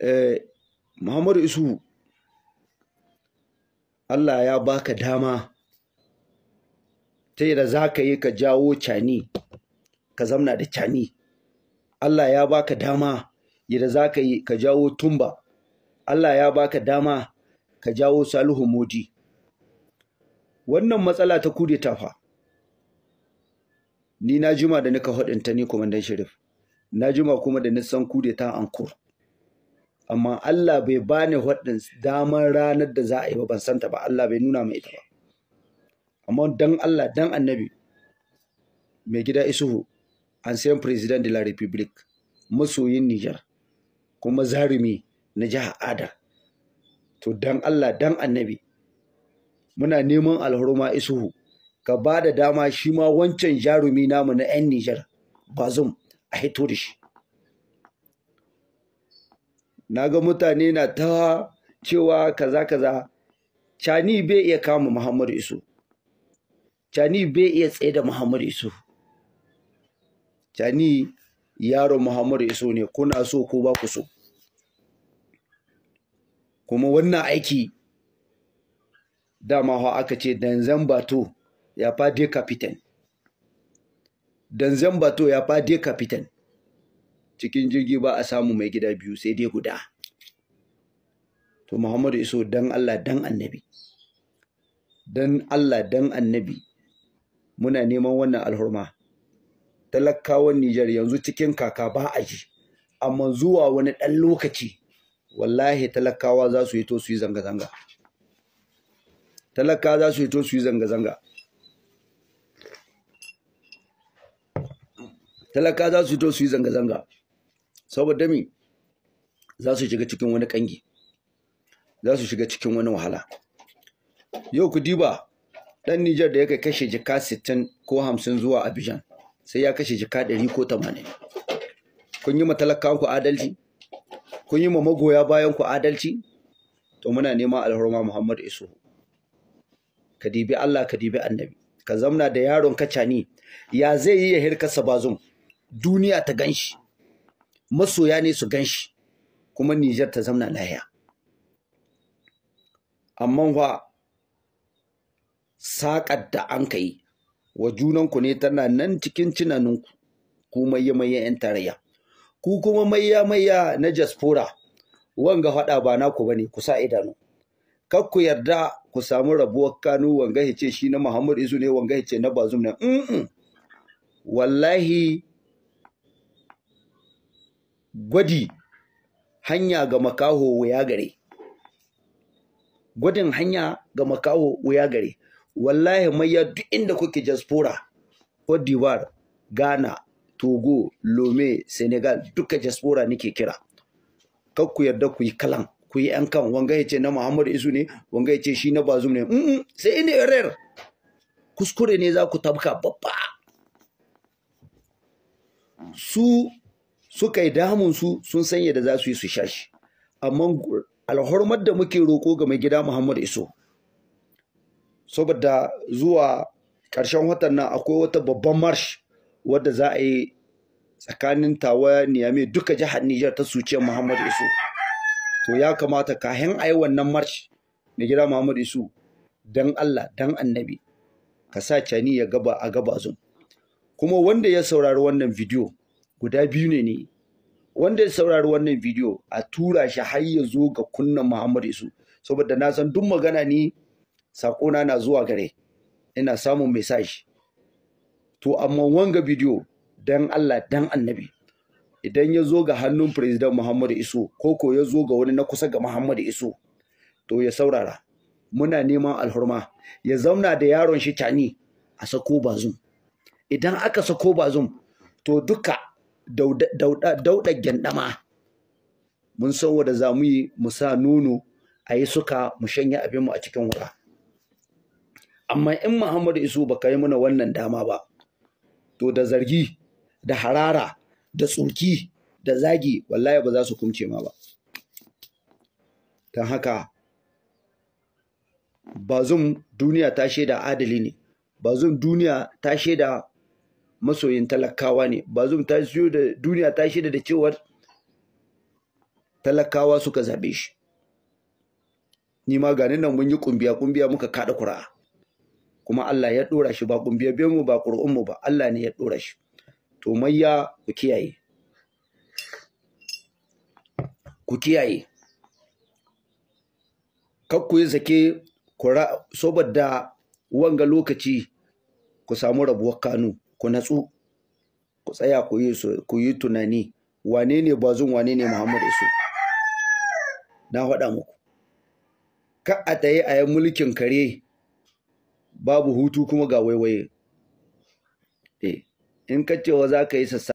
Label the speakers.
Speaker 1: Eh, Muhammadu Isu Allah ya baka dama ta yadda za ka yi ka jawo cani ka zamna da cani Allah ya baka dama yadda za ka yi ka jawo tumba Allah ya baka dama ka jawo salihu modi wannan matsala ta kude tafa ni na jima da nika hudunta ni kwamandan shirif na jima kuma da nisan kude ta ankur amma Allah bai bani waɗin damar ranar da za a yi ba ban santa ba Allah bai nuna mai ita ba amma dan Allah dan annabi mai gida isuhu ancien president de la republique masoyin niger kuma zarumi na jihar Ada to dan Allah dan annabi muna neman alhuruma isuhu ka ba da dama shi ma wancan jarumi namu na 'yan niger bazum a hito da shi na ga mutane na ta cewa kaza kaza cani bai iya kama muhammadu isu cani bai iya tsaye da muhammadu isu cani yaro muhammadu isu ne kuna so ko ba ku so kuma wannan aiki dama aka ce danzan bato ya fade kapitan danzan bato ya fade kapitan cikin jirgi ba a samu mai gida biyu sai dai guda to muhammadu iso dan allah dan annabi dan allah dan annabi muna neman wannan alhurma talakawan nijar yanzu cikin kaka ba a ji amma zuwa wani ɗan lokaci wallahi talakawa za su yi to su yi zanga-zanga talakawa za su yi to su yi zanga-zanga talakawa za su yi to su yi zanga-zanga saboda me za su shiga cikin wani kangi za su shiga cikin wani wahala yau ku diba dan Nijar da ya kashe jika 60 ko 50 zuwa Abidjan sai ya kashe jika 100 ko 80 kun yi talakkan ku adalci kun yi ma magoya bayan ku adalci to muna neman alhurma Muhammad Isu ka dibi Allah ka dibi annabi ka zamna da yaron kacani ya zai yi ya hirka bazum duniya ta ganshi masoya ne su gan shi kuma Nijar ta zamna lahiya. Amma wa saƙar da an ka yi wa junanku ne tana nan cikin tunaninku ku maye-maye 'yan tarayya. Ku kuma mayya-mayya na jaspora wanga faɗa ba naku ba ne ku sa idanu. Kar ku yarda ku samu rabuwar Kano wanga hice shi na Muhammad Isu ne wanga hice na Bazum ne. Wallahi Gwadi hanya ga makaho wuya gare. Gwadin hanya ga makaho wuya gare. Wallahi ya duk inda kuke jaspora, Cote d'Ivoire, Ghana, Togo, Lome, Senegal duka jaspora nake kira. Kar ku yarda ku yi kalan, ku yi 'yan kan wanga ya ce na Muhammadu Isu ne, wanga ya ce shi na Bazum ne. Mm sai ina yarar Kuskure ne za ku tabka babba. Su suka yi damunsu sun sanya da za su yi su sha shi amma alhormar da muke roƙo ga mai gida Muhammad Iso saboda zuwa ƙarshen watan nan akwai wata babban marsh wadda za a yi tsakanin tawa niyame duka jihar Nijar ta suciyar Muhammad Iso to ya kamata kahin a yi wannan marsh mai gida Muhammad Iso dan Allah dan annabi ka sa cani ya gaba a gaba kuma wanda ya saurari wannan bidiyo guda biyu ne ne wanda ya saurari wannan bidiyo a tura shi har ya zo ga kunnan Muhammad Isu saboda na san duk magana ni sakona na zuwa gare ina samun message to amma wanga bidiyo dan Allah dan Annabi idan ya zo ga hannun president Muhammad Isu ko ko ya zo ga wani na kusa ga Muhammad Isu to ya saurara muna neman alhurma ya zauna da yaron shi cani a sako bazum idan aka sako bazum to duka dauda gyandama mun san wanda za mu yi mu sa nono a yi suka mu shanya abin mu a cikin wura. amma in Muhammadu Isu baka yi mana wannan dama ba to da zargi da harara da tsoki da zagi wallahi ba za su kumce ma ba don haka bazum duniya ta shaida adali ne zun duniya ta shaida masoyin talakawa ne bazum ta siyo da duniya ta shida da cewar talakawa suka zabe shi ni ma gani nan mun yi kumbiya kumbiya muka kada kura. kuma Allah ya dora shi ba kumbiya be mu ba qur'an mu ba Allah ne ya dora shi to mayya ku kiyaye ku kiyaye kar ku yi zake saboda wanga lokaci ku samu rabuwar kanu ku natsu ku tsaya ku yi ku yi tunani wane ne bazun wane ne Muhammad Isu na faɗa muku ka a tayi a mulkin kare babu hutu kuma ga waiwaye eh in ka ce wa za ka yi sassa